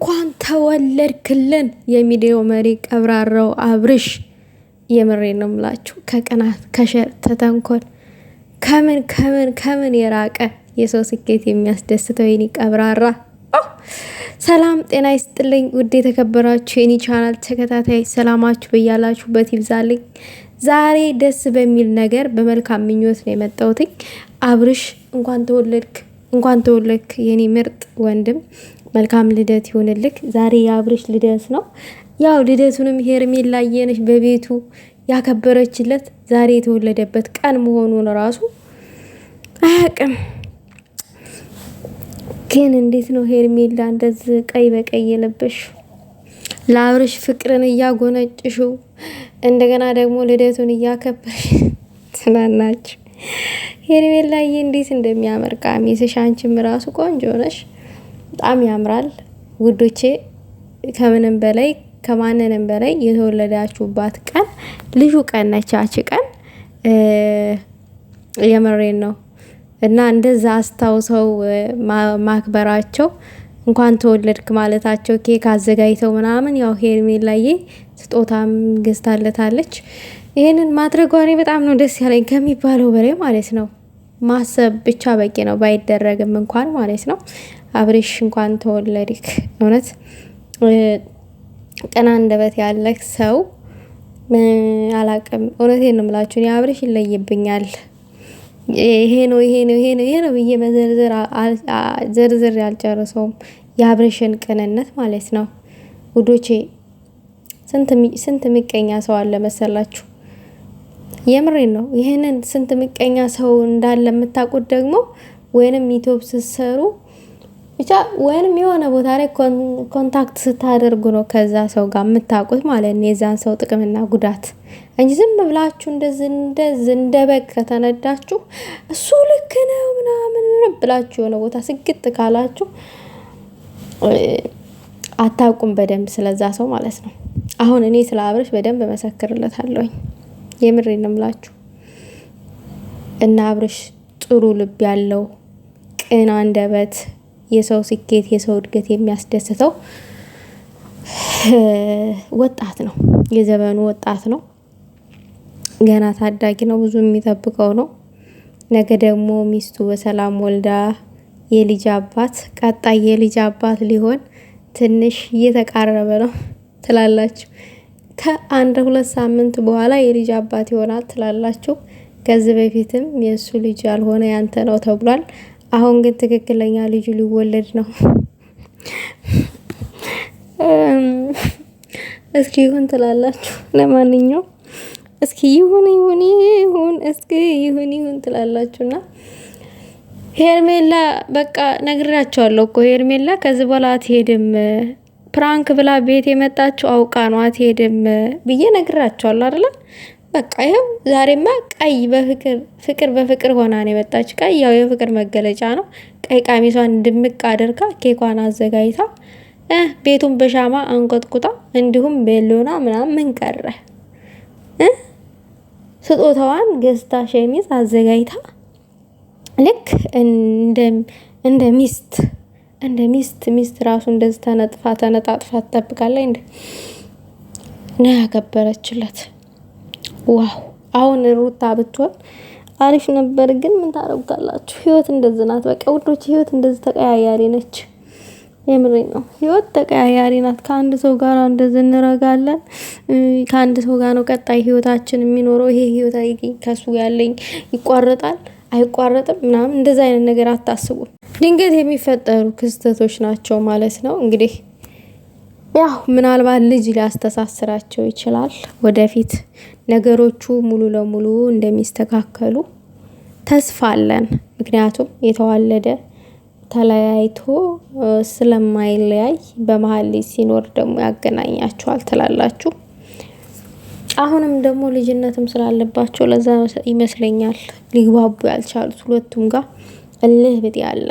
እንኳን ተወለድክልን የሚዲያው መሪ ቀብራራው አብርሽ፣ የምሬ ነው ምላችሁ ከቅናት ከሸር ተተንኮል ከምን ከምን ከምን የራቀ የሰው ስኬት የሚያስደስተው የኔ ቀብራራ። ሰላም ጤና ይስጥልኝ ውድ የተከበራችሁ የኔ ቻናል ተከታታይ፣ ሰላማችሁ በያላችሁበት ይብዛልኝ። ዛሬ ደስ በሚል ነገር በመልካም ምኞት ነው የመጣሁትኝ። አብርሽ እንኳን ተወለድክ፣ እንኳን ተወለድክ የኔ ምርጥ ወንድም መልካም ልደት ይሁንልክ። ዛሬ የአብርሽ ልደት ነው። ያው ልደቱንም ሄርሜላ የነች በቤቱ ያከበረችለት ዛሬ የተወለደበት ቀን መሆኑን ራሱ አያቅም። ግን እንዴት ነው ሄርሜላ እንደዚህ ቀይ በቀይ የለበሽው ለአብርሽ ፍቅርን እያጎነጭሽው እንደገና ደግሞ ልደቱን እያከበርሽ ትናናችሁ ሄርሜላዬ፣ እንዴት እንደሚያምር ቀሚስሽ! አንቺም ራሱ ቆንጆ ነሽ። በጣም ያምራል ውዶቼ። ከምንም በላይ ከማንንም በላይ የተወለዳችሁባት ቀን ልዩ ቀን ነች። ያቺ ቀን የምሬን ነው እና እንደዛ አስታውሰው ማክበራቸው እንኳን ተወለድክ ማለታቸው ኬክ አዘጋጅተው ምናምን ያው ላይ ስጦታም ገዝታለታለች። ይህንን ማድረጓ እኔ በጣም ነው ደስ ያለኝ ከሚባለው በላይ ማለት ነው። ማሰብ ብቻ በቂ ነው፣ ባይደረግም እንኳን ማለት ነው። አብሬሽ እንኳን ተወለድክ። እውነት ቀና አንደበት ያለክ ሰው አላቅም። እውነቴን ነው የምላችሁ። አብሬሽ ይለይብኛል። ይሄ ነው ይሄ ነው ይሄ ነው ይሄ ነው ብዬ መዘርዘር ያልጨርሰውም የአብሬሽን ቅንነት ማለት ነው ውዶቼ። ስንት ምቀኛ ሰው አለ መሰላችሁ? የምሬን ነው። ይህንን ስንት ምቀኛ ሰው እንዳለ የምታውቁት ደግሞ ወይንም ኢትዮፕ ስትሰሩ ብቻ ወይንም የሆነ ቦታ ላይ ኮንታክት ስታደርጉ ነው ከዛ ሰው ጋር የምታውቁት ማለት ነው የዛን ሰው ጥቅምና ጉዳት እንጂ ዝም ብላችሁ እንደዚህ እንደ በግ ከተነዳችሁ እሱ ልክ ነው ምናምን ብላችሁ የሆነ ቦታ ስግጥ ካላችሁ አታውቁም በደንብ ስለዛ ሰው ማለት ነው። አሁን እኔ ስለ አብረሽ በደንብ እመሰክርለታለሁኝ የምሬ ነው የምላችሁ እና አብረሽ ጥሩ ልብ ያለው ቅን አንደበት የሰው ስኬት የሰው እድገት የሚያስደስተው ወጣት ነው። የዘመኑ ወጣት ነው። ገና ታዳጊ ነው። ብዙ የሚጠብቀው ነው። ነገ ደግሞ ሚስቱ በሰላም ወልዳ የልጅ አባት ቀጣይ የልጅ አባት ሊሆን ትንሽ እየተቃረበ ነው ትላላችሁ። ከአንድ ሁለት ሳምንት በኋላ የልጅ አባት ይሆናል ትላላችሁ። ከዚህ በፊትም የእሱ ልጅ ያልሆነ ያንተ ነው ተብሏል። አሁን ግን ትክክለኛ ልጁ ሊወለድ ነው። እስኪ ይሁን ትላላችሁ። ለማንኛው እስኪ ይሁን ይሁን ይሁን እስኪ ይሁን ይሁን ትላላችሁና ሄርሜላ በቃ ነግራቸዋለሁ እኮ ሄርሜላ ከዚህ በኋላ አትሄድም። ፕራንክ ብላ ቤት የመጣችው አውቃ ነው አትሄድም ብዬ ነግራቸዋለሁ አይደለ? በቃ ይኸው ዛሬማ ቀይ በፍቅር ፍቅር በፍቅር ሆና ነው የመጣች። ቀይ ያው የፍቅር መገለጫ ነው። ቀይ ቀሚሷን ድምቅ አድርጋ ኬኳን አዘጋጅታ ቤቱን በሻማ አንቆጥቁጣ እንዲሁም ቤሎና ምናምን ምን ቀረ ስጦታዋን ገዝታ ሸሚዝ አዘጋጅታ ልክ እንደ ሚስት እንደ ሚስት ሚስት ራሱ እንደዚህ ተነጥፋ ተነጣጥፋ ትጠብቃለች። እንደ ነው ያከበረችለት። ዋው! አሁን ሩታ ብትሆን አሪፍ ነበር፣ ግን ምን ታረጉታላችሁ? ህይወት እንደዚህ ናት። በቃ ውዶች፣ ህይወት እንደዚህ ተቀያያሪ ነች። የምሬ ነው። ህይወት ተቀያያሪ ናት። ከአንድ ሰው ጋር እንደዚህ እንረጋለን። ከአንድ ሰው ጋር ነው ቀጣይ ህይወታችን የሚኖረው። ይሄ ህይወት ከሱ ያለኝ ይቋረጣል አይቋረጥም ምናምን እንደዚ አይነት ነገር አታስቡም። ድንገት የሚፈጠሩ ክስተቶች ናቸው ማለት ነው እንግዲህ ያው ምናልባት ልጅ ሊያስተሳስራቸው ይችላል። ወደፊት ነገሮቹ ሙሉ ለሙሉ እንደሚስተካከሉ ተስፋ አለን። ምክንያቱም የተዋለደ ተለያይቶ ስለማይለያይ በመሀል ልጅ ሲኖር ደግሞ ያገናኛቸዋል ትላላችሁ። አሁንም ደግሞ ልጅነትም ስላለባቸው ለዛ ይመስለኛል ሊግባቡ ያልቻሉት ሁለቱም ጋር እልህ ብጤ አለ።